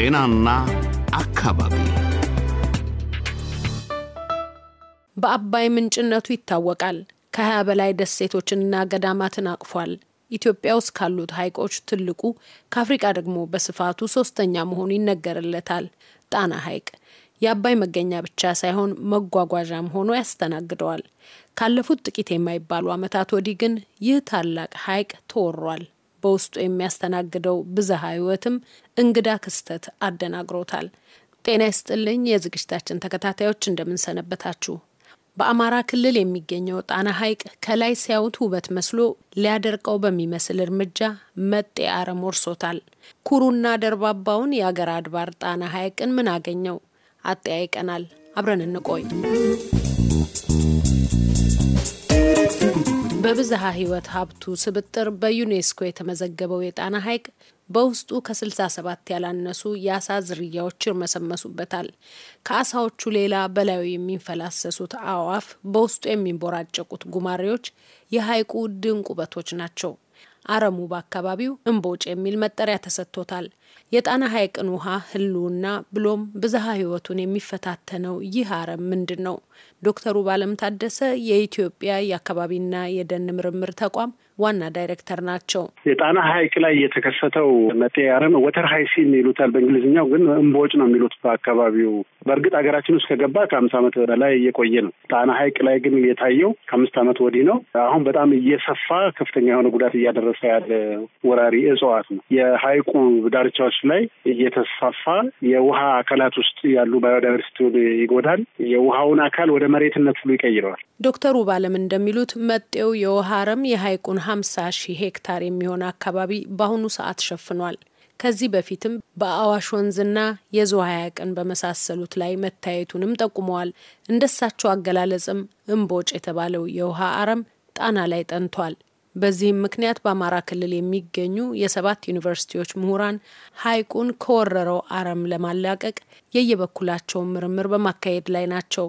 ጤናና አካባቢ በአባይ ምንጭነቱ ይታወቃል። ከሀያ በላይ ደሴቶችንና ገዳማትን አቅፏል። ኢትዮጵያ ውስጥ ካሉት ሐይቆች ትልቁ ከአፍሪቃ ደግሞ በስፋቱ ሶስተኛ መሆኑ ይነገርለታል። ጣና ሐይቅ የአባይ መገኛ ብቻ ሳይሆን መጓጓዣም ሆኖ ያስተናግደዋል። ካለፉት ጥቂት የማይባሉ ዓመታት ወዲህ ግን ይህ ታላቅ ሐይቅ ተወሯል። በውስጡ የሚያስተናግደው ብዝሃ ህይወትም እንግዳ ክስተት አደናግሮታል። ጤና ይስጥልኝ የዝግጅታችን ተከታታዮች እንደምንሰነበታችሁ። በአማራ ክልል የሚገኘው ጣና ሐይቅ ከላይ ሲያዩት ውበት መስሎ ሊያደርቀው በሚመስል እርምጃ መጤ አረም ወርሶታል። ኩሩና ደርባባውን የአገር አድባር ጣና ሐይቅን ምን አገኘው? አጠያይቀናል። አብረን እንቆይ። በብዝሃ ሕይወት ሀብቱ ስብጥር በዩኔስኮ የተመዘገበው የጣና ሐይቅ በውስጡ ከ67 ያላነሱ የአሳ ዝርያዎች ይርመሰመሱበታል። ከአሳዎቹ ሌላ በላዩ የሚንፈላሰሱት አዕዋፍ፣ በውስጡ የሚንቦራጨቁት ጉማሬዎች የሐይቁ ድንቅ ውበቶች ናቸው። አረሙ በአካባቢው እምቦጭ የሚል መጠሪያ ተሰጥቶታል። የጣና ሐይቅን ውሃ ህልውና ብሎም ብዝሃ ህይወቱን የሚፈታተነው ይህ አረም ምንድን ነው? ዶክተሩ ባለም ታደሰ የኢትዮጵያ የአካባቢና የደን ምርምር ተቋም ዋና ዳይሬክተር ናቸው። የጣና ሐይቅ ላይ የተከሰተው መጤ አረም ወተር ሀይሲን ይሉታል በእንግሊዝኛው፣ ግን እምቦጭ ነው የሚሉት በአካባቢው። በእርግጥ ሀገራችን ውስጥ ከገባ ከአምስት ዓመት በላይ እየቆየ ነው። ጣና ሐይቅ ላይ ግን የታየው ከአምስት ዓመት ወዲህ ነው። አሁን በጣም እየሰፋ ከፍተኛ የሆነ ጉዳት እያደረሰ ያለ ወራሪ እጽዋት ነው። የሀይቁ ዳርቻ ቦታዎች ላይ እየተስፋፋ የውሃ አካላት ውስጥ ያሉ ባዮዳይቨርሲቲውን ይጎዳል። የውሃውን አካል ወደ መሬትነት ሁሉ ይቀይረዋል። ዶክተር ውባለም እንደሚሉት መጤው የውሃ አረም የሀይቁን ሀምሳ ሺህ ሄክታር የሚሆን አካባቢ በአሁኑ ሰዓት ሸፍኗል። ከዚህ በፊትም በአዋሽ ወንዝና የዝዋ ሐይቅን በመሳሰሉት ላይ መታየቱንም ጠቁመዋል። እንደሳቸው አገላለጽም እምቦጭ የተባለው የውሃ አረም ጣና ላይ ጠንቷል። በዚህም ምክንያት በአማራ ክልል የሚገኙ የሰባት ዩኒቨርሲቲዎች ምሁራን ሐይቁን ከወረረው አረም ለማላቀቅ የየበኩላቸውን ምርምር በማካሄድ ላይ ናቸው።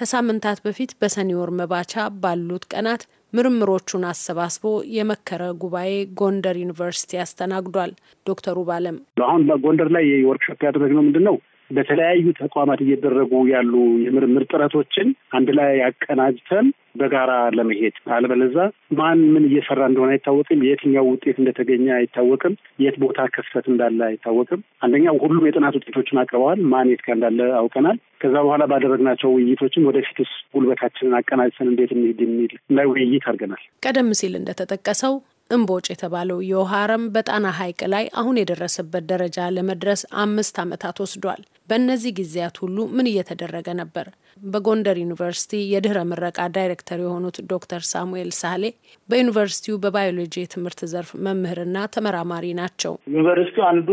ከሳምንታት በፊት በሰኔ ወር መባቻ ባሉት ቀናት ምርምሮቹን አሰባስቦ የመከረ ጉባኤ ጎንደር ዩኒቨርሲቲ አስተናግዷል። ዶክተሩ ባለም አሁን በጎንደር ላይ ወርክሾፕ ያደረግነው ምንድን ነው በተለያዩ ተቋማት እየደረጉ ያሉ የምርምር ጥረቶችን አንድ ላይ አቀናጅተን በጋራ ለመሄድ አለበለዛ ማን ምን እየሰራ እንደሆነ አይታወቅም። የትኛው ውጤት እንደተገኘ አይታወቅም። የት ቦታ ክፍተት እንዳለ አይታወቅም። አንደኛ ሁሉም የጥናት ውጤቶችን አቅርበዋል። ማን የት እንዳለ አውቀናል። ከዛ በኋላ ባደረግናቸው ውይይቶችም ወደፊትስ ጉልበታችንን አቀናጅተን እንዴት እንሂድ የሚል ላይ ውይይት አድርገናል። ቀደም ሲል እንደተጠቀሰው እምቦጭ የተባለው የውሃ አረም በጣና ሐይቅ ላይ አሁን የደረሰበት ደረጃ ለመድረስ አምስት ዓመታት ወስዷል። በእነዚህ ጊዜያት ሁሉ ምን እየተደረገ ነበር? በጎንደር ዩኒቨርሲቲ የድህረ ምረቃ ዳይሬክተር የሆኑት ዶክተር ሳሙኤል ሳሌ በዩኒቨርሲቲው በባዮሎጂ የትምህርት ዘርፍ መምህርና ተመራማሪ ናቸው። ዩኒቨርሲቲው አንዱ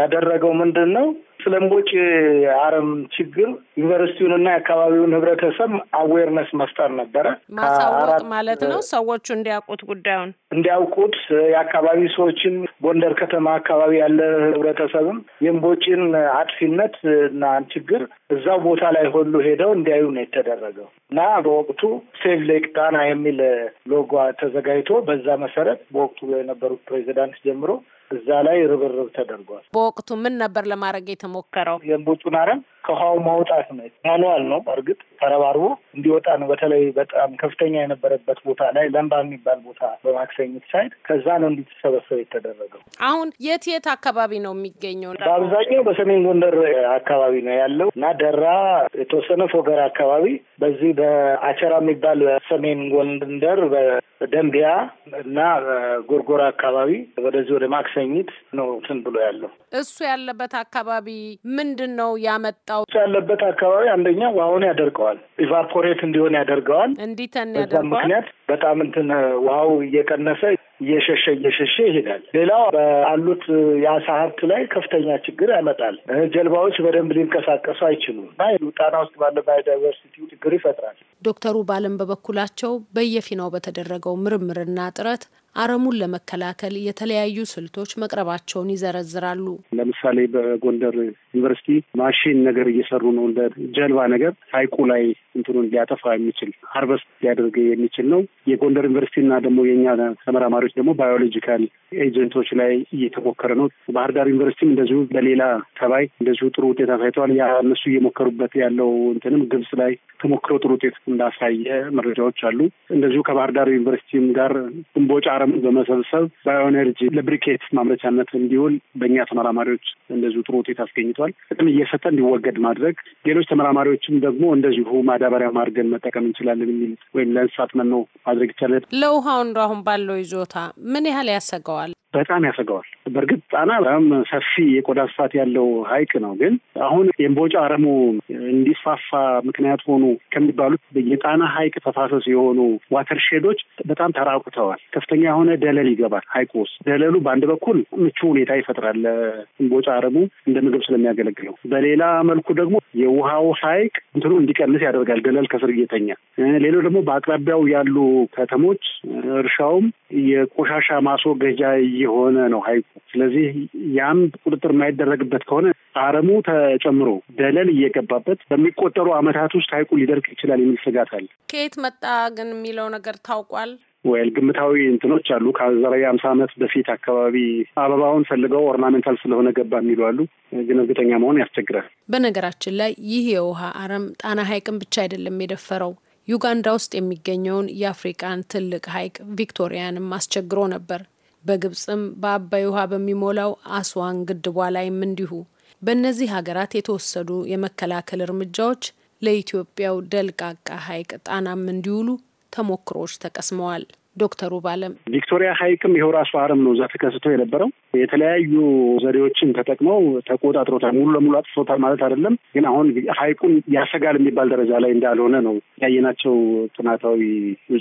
ያደረገው ምንድን ነው? ስለ እምቦጭ አረም ችግር ዩኒቨርሲቲውንና የአካባቢውን ህብረተሰብ አዌርነስ መፍጠር ነበረ። ማሳወቅ ማለት ነው። ሰዎቹ እንዲያውቁት ጉዳዩን እንዲያውቁት የአካባቢ ሰዎችን ጎንደር ከተማ አካባቢ ያለ ህብረተሰብም የእምቦጭን አጥፊነት እና ችግር እዛው ቦታ ላይ ሁሉ ሄደው እንዲያዩ ነው የተደረገው እና በወቅቱ ሴቭ ሌክ ጣና የሚል ሎጎ ተዘጋጅቶ በዛ መሰረት በወቅቱ የነበሩት ፕሬዚዳንት ጀምሮ እዛ ላይ ርብርብ ተደርጓል። በወቅቱ ምን ነበር ለማድረግ የተሞከረው? የእምቡጩን አረም ከውሃው ማውጣት ነው። ማኑዋል ነው። እርግጥ ተረባርቦ እንዲወጣ ነው። በተለይ በጣም ከፍተኛ የነበረበት ቦታ ላይ ለምባ የሚባል ቦታ በማክሰኝት ሳይድ ከዛ ነው እንዲሰበሰብ የተደረገው። አሁን የት የት አካባቢ ነው የሚገኘው? በአብዛኛው በሰሜን ጎንደር አካባቢ ነው ያለው እና ደራ፣ የተወሰነ ፎገራ አካባቢ በዚህ በአቸራ የሚባል በሰሜን ጎንደር ደንቢያ እና ጎርጎራ አካባቢ ወደዚህ ወደ ማክሰኝት ነው እንትን ብሎ ያለው እሱ ያለበት አካባቢ ምንድን ነው ያመጣው? እሱ ያለበት አካባቢ አንደኛ ውሃውን ያደርገዋል፣ ኢቫፖሬት እንዲሆን ያደርገዋል፣ እንዲተን ያደርገዋል። ምክንያት በጣም እንትን ውሃው እየቀነሰ እየሸሸ እየሸሸ ይሄዳል። ሌላው ባሉት የአሳ ሀብት ላይ ከፍተኛ ችግር ያመጣል። ጀልባዎች በደንብ ሊንቀሳቀሱ አይችሉም እና ጣና ውስጥ ባለ ባዮዳይቨርሲቲ ችግር ይፈጥራል። ዶክተሩ ባለም በበኩላቸው በየፊናው በተደረገው ምርምርና ጥረት አረሙን ለመከላከል የተለያዩ ስልቶች መቅረባቸውን ይዘረዝራሉ። ለምሳሌ በጎንደር ዩኒቨርሲቲ ማሽን ነገር እየሰሩ ነው። እንደ ጀልባ ነገር ሀይቁ ላይ እንትኑን ሊያጠፋ የሚችል ሀርቨስት ሊያደርግ የሚችል ነው። የጎንደር እና ደግሞ የእኛ ተመራማሪዎች ደግሞ ባዮሎጂካል ኤጀንቶች ላይ እየተሞከረ ነው። ባህር ዳር ዩኒቨርሲቲም እንደዚሁ በሌላ ተባይ እንደዚሁ ጥሩ ውጤት አሳይተዋል። ያ እነሱ እየሞከሩበት ያለው እንትንም ግብጽ ላይ ተሞክሮ ጥሩ ውጤት እንዳሳየ መረጃዎች አሉ። እንደዚሁ ከባህር ዳር ዩኒቨርሲቲም ጋር እምቦጭ አረምን በመሰብሰብ ባዮኤነርጂ ለብሪኬት ማምረቻነት እንዲውል በእኛ ተመራማሪዎች እንደዚሁ ጥሩ ውጤት አስገኝቷል። ጥቅም እየሰጠ እንዲወገድ ማድረግ፣ ሌሎች ተመራማሪዎችም ደግሞ እንደዚሁ ማዳበሪያ ማድርገን መጠቀም እንችላለን የሚል ወይም ለእንስሳት መኖ ማድረግ ይቻላል። ለውሃውን አሁን ባለው ይዞታ ምን ያህል ያሰገዋል? በጣም ያሰጋዋል። በእርግጥ ጣና በጣም ሰፊ የቆዳ ስፋት ያለው ሀይቅ ነው። ግን አሁን የእምቦጫ አረሙ እንዲስፋፋ ምክንያት ሆኑ ከሚባሉት የጣና ሀይቅ ተፋሰስ የሆኑ ዋተርሼዶች በጣም ተራቁተዋል። ከፍተኛ የሆነ ደለል ይገባል ሀይቁ ውስጥ። ደለሉ በአንድ በኩል ምቹ ሁኔታ ይፈጥራል፣ እምቦጫ አረሙ እንደ ምግብ ስለሚያገለግለው፣ በሌላ መልኩ ደግሞ የውሃው ሀይቅ እንትኑ እንዲቀንስ ያደርጋል። ደለል ከስር እየተኛ ሌላው ደግሞ በአቅራቢያው ያሉ ከተሞች እርሻውም የቆሻሻ ማስወገጃ የሆነ ነው ሀይቁ። ስለዚህ ያም ቁጥጥር የማይደረግበት ከሆነ አረሙ ተጨምሮ ደለል እየገባበት በሚቆጠሩ ዓመታት ውስጥ ሀይቁ ሊደርቅ ይችላል የሚል ስጋት አለ። ከየት መጣ ግን የሚለው ነገር ታውቋል። ወይል ግምታዊ እንትኖች አሉ። ከዛሬ አምሳ ዓመት በፊት አካባቢ አበባውን ፈልገው ኦርናሜንታል ስለሆነ ገባ የሚሉ አሉ። ግን እርግጠኛ መሆን ያስቸግራል። በነገራችን ላይ ይህ የውሃ አረም ጣና ሀይቅን ብቻ አይደለም የደፈረው። ዩጋንዳ ውስጥ የሚገኘውን የአፍሪቃን ትልቅ ሀይቅ ቪክቶሪያንም አስቸግሮ ነበር። በግብጽም በአባይ ውሃ በሚሞላው አስዋን ግድቧ ላይም እንዲሁ። በእነዚህ ሀገራት የተወሰዱ የመከላከል እርምጃዎች ለኢትዮጵያው ደልቃቃ ሐይቅ ጣናም እንዲውሉ ተሞክሮዎች ተቀስመዋል። ዶክተሩ ባለም ቪክቶሪያ ሐይቅም ይኸው ራሱ አረም ነው እዛ ተከስቶ የነበረው የተለያዩ ዘዴዎችን ተጠቅመው ተቆጣጥሮታል። ሙሉ ለሙሉ አጥፍቶታል ማለት አይደለም፣ ግን አሁን ሀይቁን ያሰጋል የሚባል ደረጃ ላይ እንዳልሆነ ነው ያየናቸው ጥናታዊ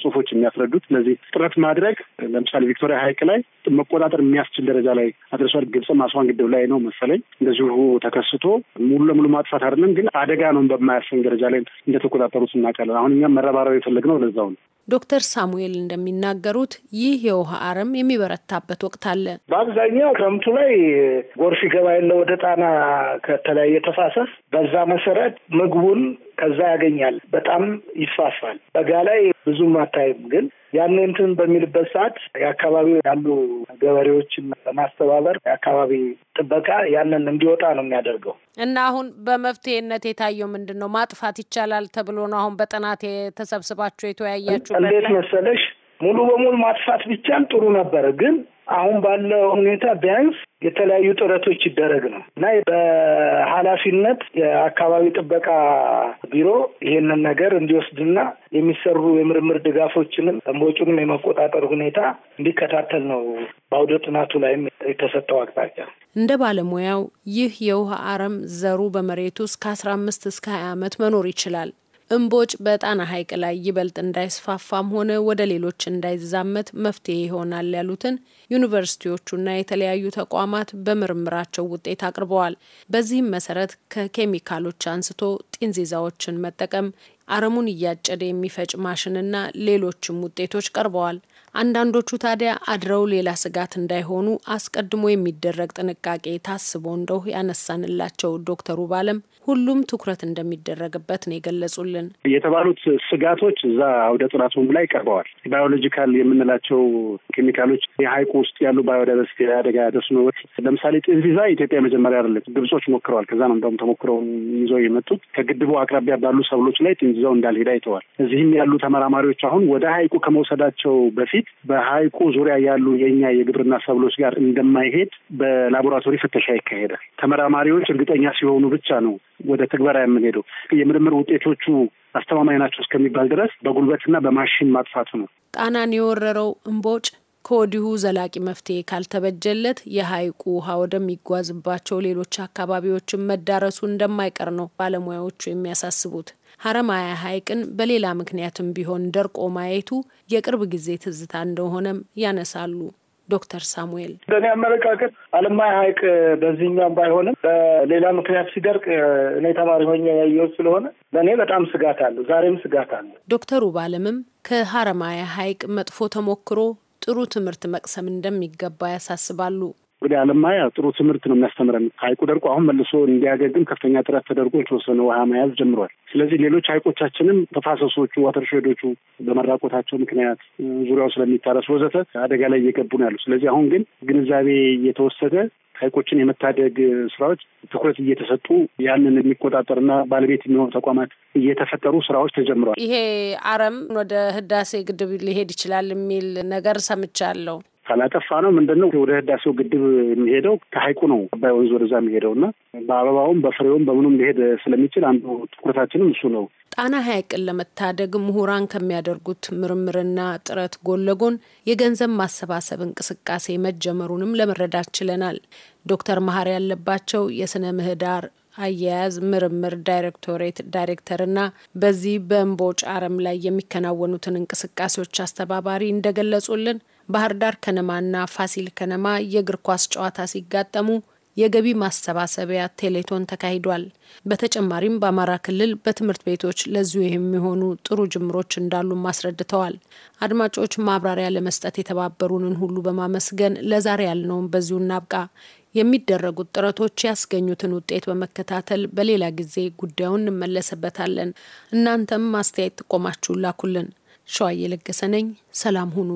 ጽሁፎች የሚያስረዱት። ስለዚህ ጥረት ማድረግ ለምሳሌ ቪክቶሪያ ሀይቅ ላይ መቆጣጠር የሚያስችል ደረጃ ላይ አድርሷል። ግብፅም አስዋን ግድብ ላይ ነው መሰለኝ እንደዚሁ ተከስቶ ሙሉ ለሙሉ ማጥፋት አይደለም፣ ግን አደጋ ነው በማያሰኝ ደረጃ ላይ እንደተቆጣጠሩት እናውቃለን። አሁን እኛም መረባረብ የፈለግነው ለዛው ነው። ዶክተር ሳሙኤል እንደሚናገሩት ይህ የውሃ አረም የሚበረታበት ወቅት አለ። በአብዛኛው ያው ክረምቱ ላይ ጎርፍ ይገባ የለ ወደ ጣና ከተለያየ ተፋሰስ፣ በዛ መሰረት ምግቡን ከዛ ያገኛል። በጣም ይስፋፋል። በጋ ላይ ብዙም አታይም። ግን ያን እንትን በሚልበት ሰዓት የአካባቢው ያሉ ገበሬዎችን በማስተባበር የአካባቢ ጥበቃ ያንን እንዲወጣ ነው የሚያደርገው እና አሁን በመፍትሄነት የታየው ምንድን ነው? ማጥፋት ይቻላል ተብሎ ነው አሁን በጥናት የተሰብስባችሁ የተወያያችሁ እንዴት መሰለሽ ሙሉ በሙሉ ማጥፋት ብቻም ጥሩ ነበረ ግን አሁን ባለው ሁኔታ ቢያንስ የተለያዩ ጥረቶች ይደረግ ነው እና በኃላፊነት የአካባቢ ጥበቃ ቢሮ ይህንን ነገር እንዲወስድና የሚሰሩ የምርምር ድጋፎችንም እምቦጩንም የመቆጣጠር ሁኔታ እንዲከታተል ነው በአውደ ጥናቱ ላይም የተሰጠው አቅጣጫ። እንደ ባለሙያው ይህ የውሃ አረም ዘሩ በመሬት ውስጥ ከአስራ አምስት እስከ ሀያ ዓመት መኖር ይችላል። እምቦጭ በጣና ሐይቅ ላይ ይበልጥ እንዳይስፋፋም ሆነ ወደ ሌሎች እንዳይዛመት መፍትሄ ይሆናል ያሉትን ዩኒቨርሲቲዎቹና የተለያዩ ተቋማት በምርምራቸው ውጤት አቅርበዋል። በዚህም መሰረት ከኬሚካሎች አንስቶ ጢንዚዛዎችን መጠቀም አረሙን እያጨደ የሚፈጭ ማሽንና ሌሎችም ውጤቶች ቀርበዋል። አንዳንዶቹ ታዲያ አድረው ሌላ ስጋት እንዳይሆኑ አስቀድሞ የሚደረግ ጥንቃቄ ታስቦ እንደው ያነሳንላቸው ዶክተሩ ባለም ሁሉም ትኩረት እንደሚደረግበት ነው የገለጹልን። የተባሉት ስጋቶች እዛ አውደ ጥናቱም ላይ ቀርበዋል። ባዮሎጂካል የምንላቸው ኬሚካሎች የሀይቁ ውስጥ ያሉ ባዮዳይቨርሲቲ አደጋ ያደርሱ ነው። ለምሳሌ ጥንዚዛ ኢትዮጵያ መጀመሪያ አይደለም፣ ግብጾች ሞክረዋል። ከዛ ነው እንደውም ተሞክረውን ይዘው የመጡት ከግድቡ አቅራቢያ ባሉ ሰብሎች ላይ ጥንዚዛው እንዳልሄድ አይተዋል። እዚህም ያሉ ተመራማሪዎች አሁን ወደ ሀይቁ ከመውሰዳቸው በፊት በሀይቁ ዙሪያ ያሉ የእኛ የግብርና ሰብሎች ጋር እንደማይሄድ በላቦራቶሪ ፍተሻ ይካሄዳል። ተመራማሪዎች እርግጠኛ ሲሆኑ ብቻ ነው ወደ ትግበራ የምንሄደው የምርምር ውጤቶቹ አስተማማኝ ናቸው እስከሚባል ድረስ በጉልበትና በማሽን ማጥፋቱ ነው። ጣናን የወረረው እምቦጭ ከወዲሁ ዘላቂ መፍትሄ ካልተበጀለት የሀይቁ ውሃ ወደሚጓዝባቸው ሌሎች አካባቢዎችን መዳረሱ እንደማይቀር ነው ባለሙያዎቹ የሚያሳስቡት። ሀረማያ ሀይቅን በሌላ ምክንያትም ቢሆን ደርቆ ማየቱ የቅርብ ጊዜ ትዝታ እንደሆነም ያነሳሉ። ዶክተር ሳሙኤል በእኔ አመለካከት አለማያ ሀይቅ በዚህኛውም ባይሆንም በሌላ ምክንያት ሲደርቅ እኔ ተማሪ ሆኜ ያየሁት ስለሆነ በእኔ በጣም ስጋት አለ፣ ዛሬም ስጋት አለ። ዶክተሩ በአለምም ከሀረማያ ሀይቅ መጥፎ ተሞክሮ ጥሩ ትምህርት መቅሰም እንደሚገባ ያሳስባሉ። እንግዲህ አለም ማያ ጥሩ ትምህርት ነው የሚያስተምረን። ሀይቁ ደርቆ አሁን መልሶ እንዲያገግም ከፍተኛ ጥረት ተደርጎ የተወሰነ ውሃ መያዝ ጀምሯል። ስለዚህ ሌሎች ሀይቆቻችንም ተፋሰሶቹ፣ ዋተርሼዶቹ በመራቆታቸው ምክንያት ዙሪያው ስለሚታረስ ወዘተ አደጋ ላይ እየገቡ ነው ያሉ። ስለዚህ አሁን ግን ግንዛቤ እየተወሰደ ሀይቆችን የመታደግ ስራዎች ትኩረት እየተሰጡ ያንን የሚቆጣጠርና ባለቤት የሚሆኑ ተቋማት እየተፈጠሩ ስራዎች ተጀምረዋል። ይሄ አረም ወደ ህዳሴ ግድብ ሊሄድ ይችላል የሚል ነገር ሰምቻለሁ። ካላጠፋ ነው ምንድን ነው ወደ ህዳሴው ግድብ የሚሄደው ከሀይቁ ነው አባይ ወንዝ ወደዛ የሚሄደው እና በአበባውም በፍሬውም በምኑም ሊሄድ ስለሚችል አንዱ ትኩረታችንም እሱ ነው። ጣና ሀይቅን ለመታደግ ምሁራን ከሚያደርጉት ምርምርና ጥረት ጎን ለጎን የገንዘብ ማሰባሰብ እንቅስቃሴ መጀመሩንም ለመረዳት ችለናል። ዶክተር መሀር ያለባቸው የስነ ምህዳር አያያዝ ምርምር ዳይሬክቶሬት ዳይሬክተርና በዚህ በእምቦጭ አረም ላይ የሚከናወኑትን እንቅስቃሴዎች አስተባባሪ እንደገለጹልን ባህር ዳር ከነማና ፋሲል ከነማ የእግር ኳስ ጨዋታ ሲጋጠሙ የገቢ ማሰባሰቢያ ቴሌቶን ተካሂዷል። በተጨማሪም በአማራ ክልል በትምህርት ቤቶች ለዚሁ የሚሆኑ ጥሩ ጅምሮች እንዳሉም አስረድተዋል። አድማጮች ማብራሪያ ለመስጠት የተባበሩንን ሁሉ በማመስገን ለዛሬ ያልነውን በዚሁ እናብቃ። የሚደረጉት ጥረቶች ያስገኙትን ውጤት በመከታተል በሌላ ጊዜ ጉዳዩን እንመለስበታለን። እናንተም አስተያየት ጥቆማችሁን ላኩልን። ሸዋዬ ለገሰ ነኝ። ሰላም ሁኑ።